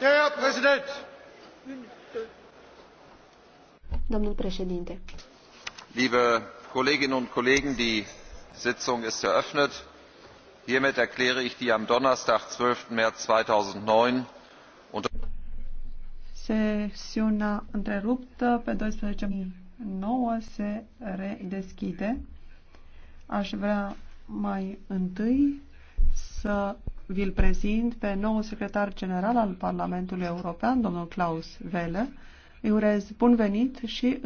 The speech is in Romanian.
Der Präsident! Domnul președinte. Liebe Kolleginnen und Kollegen, die Sitzung ist eröffnet. Hiermit erkläre ich die am Donnerstag, 12. März 2009 Sesiunea întreruptă pe 12 9 se redeschide. Aș vrea mai întâi să vi-l prezint pe nou secretar general al Parlamentului European, domnul Klaus Welle. Îi urez bun venit și